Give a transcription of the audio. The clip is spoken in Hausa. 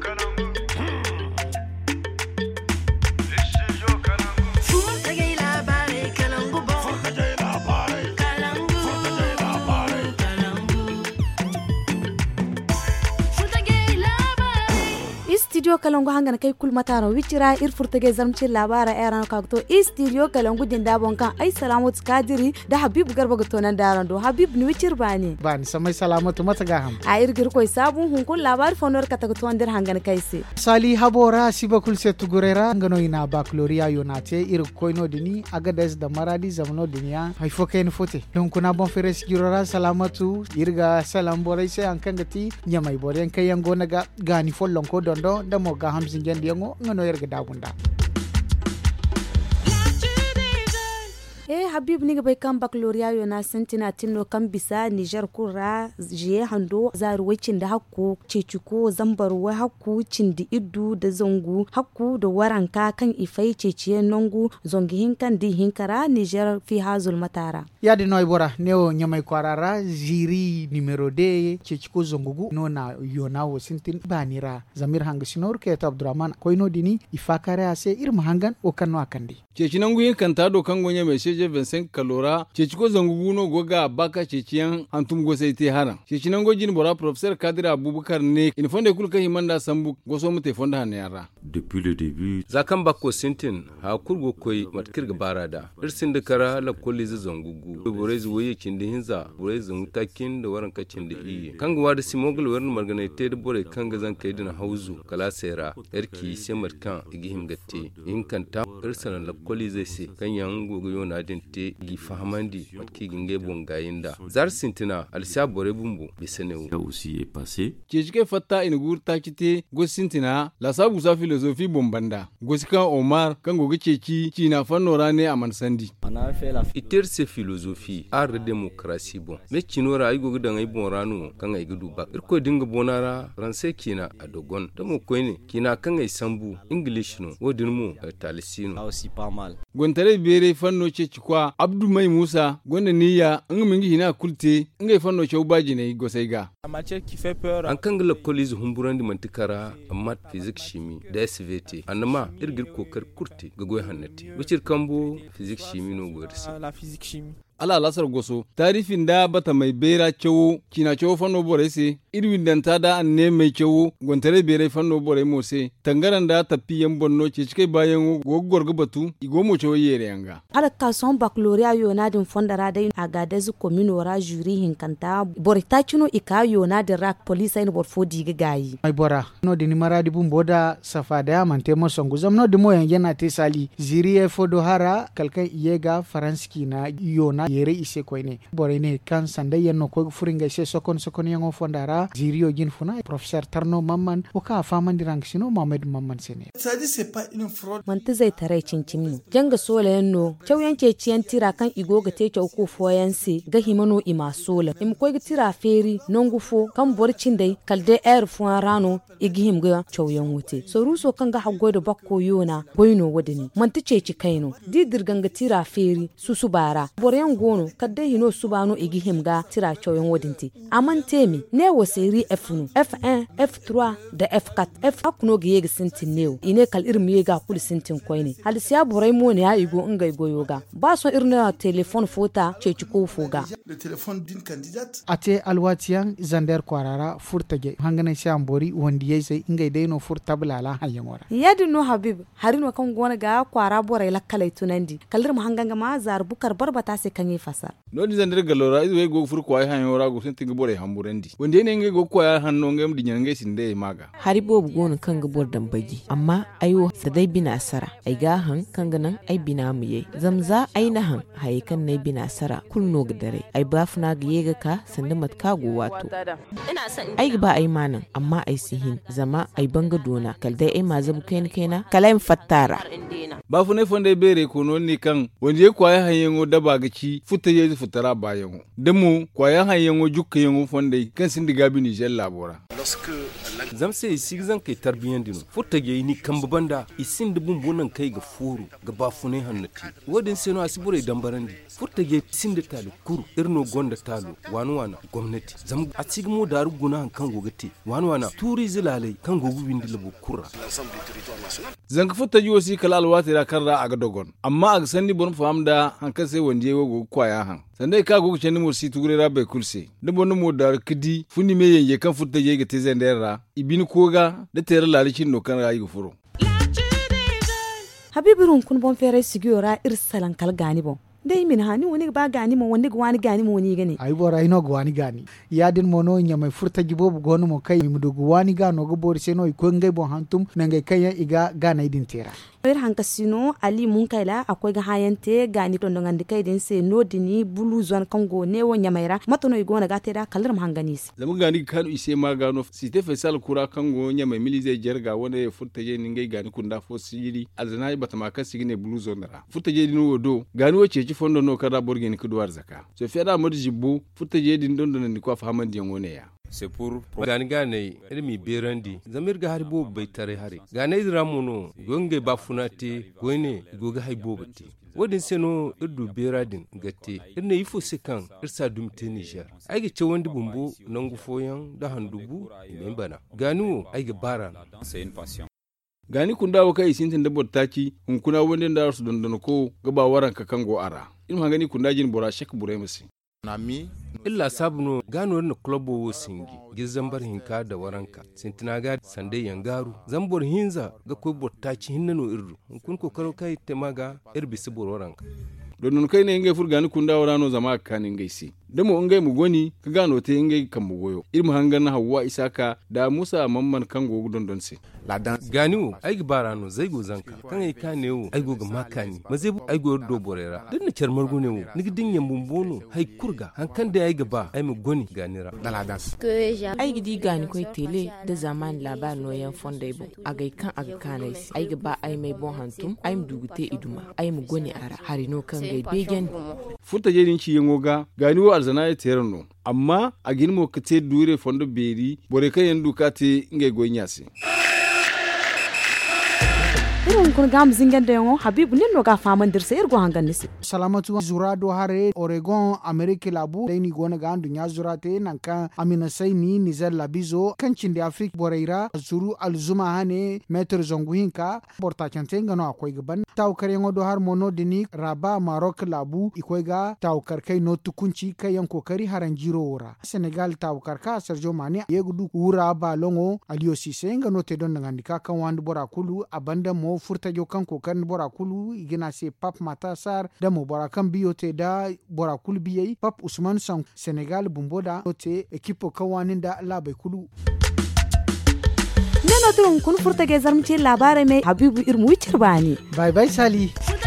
gonna. studio kalongo hangana kai kulmatano wicira ir furtage zarmci labara erano kagto studio kalongo jindabon bonka ai salamatu kadiri da habib garba gotonan darando habib ni wicir bani bani samai mata ga ham a ir gir koy sabun hun kun labar fonor katag ander hangana si. sali habora sibakul se tugurera ngano ina bakloria yonate ir koino dini agades da maradi zamno dunia ai foken fote don kuna bon feres girora salamatu irga salam borai se ankangati kangati nyamai borai kan yango naga gani follon ko dondo damo ga hamsin gendi yango ngano yerga dabunda e habib ni bai kan baccalaureat yo na santina tinno kan bisa niger kura jiye hando zaruwai cin da hakku ceciko wai hakku cin da iddu da zangu hakku da waranka kan ifai ceciye nongu zongi hinkan di hinkara niger fi hazul matara ya di noy bora neo nyamai kwarara jiri numero de ko zongugu no na yo na wo sintin banira zamir hanga sinor ke ta abdurrahman koino dini ifakare ase irma hangan o kanwa kandi ceci nangu hinkan ta do kan nyame seje je Vincent Kalora ceci ko zangu guno goga baka yan antum go sai te haran ceci nan go jin bora professeur Kadir Abubakar ne in fonde kul kai manda sambu go so mu te fonda hanne yara depuis le début. Zakan bako sintin ha kurgo koy matkir gabara da. Irsin da kara la kulli zangugu. Bore waye kin da hinza, bore zan takin da waran kacin da yi Kanga wa da simogul warin margana te da bore kanga zan kai da hauzu kala sera. erki se markan igihim gatte. In kanta irsan la kulli zai se kan yan gogo yona din te gi fahamandi matki ginge bongayinda. Zar sintina alsa bore bumbu bisanewu. Ya usi e passé. fatta in gurta kite go sintina la sabu safi le zofi bombanda gosika omar ceci ci na fannora ne a mansandi itir se filosofi ar demokrasi bon me cinora ay gogo dangay ranu kan ay gudu bak irko dinga bonara ranse kina adogon damo koyne kina kan ay sambu english no mu eh, talisino gontare bere fanno ceci kwa abdu mai musa gonda niyya an mingi hina kulte ngai fanno cewa baji ne gosai ga an kan gila college humburandi mantikara amma fizik shimi da SVT anama irgir kokar kurti ga goy hannati wucir kambo physics chimie no gorsi ala lasar goso tarifin da bata mai bera cewo kina cewo fanno borese irwi danta da an ne mai kyau gontare bere fanno bore mose tangaran da tapi yan bonno ce cikai bayan gogor gubatu igo mo cewa yere yanga ala ka son bakloria yona din fondara dai a da zu komino ra juri hinkanta ta kino ika yona da rak police in bor fodi gayi ai bora no dini maradi bun boda safa da mante mo songu zam no dimo yan yana te sali ziri e fodo hara kalkan iyega faranski na yona yere ise koine bore ne kan sanda no ko furinga ise sokon sokon yango fondara a ziriogin funa professeur tarno mamman uka famandirank sino mohamed mamman sene sadi se pa ilin man te zai tare cincimni janga sola yanno yan ce tira kan igo ga te chau ko se ga himano ima sola im ko tira feri nongufo kan borcin dai kalde air fuan rano him ga yan wute so ruso kan ga da bakko yona boyno wadani manta ce ci kaino didir ganga tira feri susu bara yan gono kadde hino subano him ga tira chawyan wadinti amante mi ne was seri f nu f1 f3 da f4 f kuno ga yegi sintin neo ine kal irmi miye ga kul sintin koyne halisiya borai mo ne ya igo inga igo yoga ba so ya telefon fota che ciko foga le telefon din candidate ate alwatiyan zander kwarara ge hangana sha ambori wondi yai sai inga dai no furta bulala hayan wara yadi no habib harino kan gona ga kwara borai lakkalai tunandi kalir mu hanganga ma zar bukar barbata sai kan yi no ni zander galora izo go fur kwai hayan wara go sintin borai hamburandi wonde ne nge hannu kwa hanno dinyar mdi nyange sinde maga hari bobu kan gabar dan bagi amma da dai bina sara ai ga han kanga nan ai bina mu ye zamza ai na han haye kan nai bina sara kulno ga dare ai ba funa ga ga ka sanda mat ka go wato ai ba ai manan amma ai sihin zama ai banga dona dai ai ma zabu kaina kaina kalaim fattara ne fonde bere non ni kan wonje kwaya hanyengo daba ci futa ye futara bayango demu kwaya hanyengo jukka yengo fonde kan sindiga bi Niger labora zamse sigzan kai tarbiyan dinu futa ye ni kan banda isin dubun bonan kai ga furu ga ba bafune hannati wadin seno asibure dambarandi futa ye sin da talu kur irno gonda talu wani wana gwamnati zam a mu daru guna kan gogate wani wana turi zilalai kan gogu windi labo zan zanka futa yi wasi kala alwatira da karra a dogon amma a san ni bon fam da hanka sai wanje wogo kwaya han san dai ka go cheni mo si tugure ra be kulse de bon mo dar kidi funi me yenge kan futta yege te ra ibin ko ga da tere lalicin no kan rayi furo habibu run kun bon fere sigiyora irsalan kal gani bon dai min hani woni ba gani mo woni gwani gani mo woni gani ai bora ino gwani gani ya din mo no nya mai furta gibo bu gonu mo kai mi do gwani gano go bor se no ko ngai bon hantum nangai kai iga gana idin tera er hanka sino ali mun kayla akoyga hayante gani tondogandi kayden se nodini buluzan kango newo nyamayra matono igona gatera kalaram hanganis zamu gani kanu ise magano site fesal kura kango nyamay milize jerga wone furteje ningay gani kunda fo sigiri alzanay batamaka sigine buluzon ra furteje dinu wodo gani wo cheji fondo no kada borgen kudwar zaka so fiada modji bu furteje din dondo ni kwa famandi ngoneya sepur gani gane irmi berandi zamir ga haribo bai tare hari gane idra mono gonge bafunati goine goga haibo bati wadin seno irdu beradin gatte irne yifo sekan irsa dumte niger aige ce wandi bumbu nangu foyan da handubu imen bana wo aige baran gani kun dawo kai sintin dabbar taki in kuna wonde da su dandana ko gaba waranka kan ara in ma gani kun dajin bora shek burai illa sabno gano na klobo wo singi gizan bar hinka da waranka sintina ga sande yangaru zambor hinza ga ko ci hinna no irru kun ko karo kai maga irbi sibor waranka don nun kai ne inge furgani da warano zama kanin gaisi demo ingai mu goni ka gano ta ingai kan mu goyo irin hangana hawa isaka da musa mamman kan gogu don don se ganiwo aigi barano zai go zanka kan ai kane wo ai go gama ma zai ai go do borera dan na charmar gone wo ni gidin yan bumbono hai kurga hankan da ai gaba ai mu goni ganira da ladan ai gidi gani ko tele da zaman labar no yan fonda ibo agai kan aga kanai ai gaba ai mai bon hantum ai mu dugute iduma ai mu goni ara harino kan gai begen furta jerin ci gani wo alzana ya e tayar no amma a mo kate dure fondo beri bore kayen duka te ngai goynyasi irin kun gam zingen da yango habibu nin no ga faman dirse irgo hangan nisi salamatu zura do hare oregon america labu dai ni gona ga andu nya zura te nan kan amina sai ni nizel labizo kan cin da afrika boreira zuru alzuma hane meter zongu hinka borta chante no akoy gaban taw kare ngo do har mono dini raba maroc labu ikoy ga taw karkai no tukunci kai yan kari haran jiro ora senegal taw ka sergio mane yegudu wura ba longo aliosi sise ngano te don ngandika kan wandu bora kulu abanda mo mo furtajo kanko kan bora kulu igina se pap matasar da mo bora kan biyo te da bora kul biyai pap usman san senegal bumboda te ekipo kawanin da labai kulu nana turun kun furtage zarmce labarai mai habibu irmu bani bye bye sali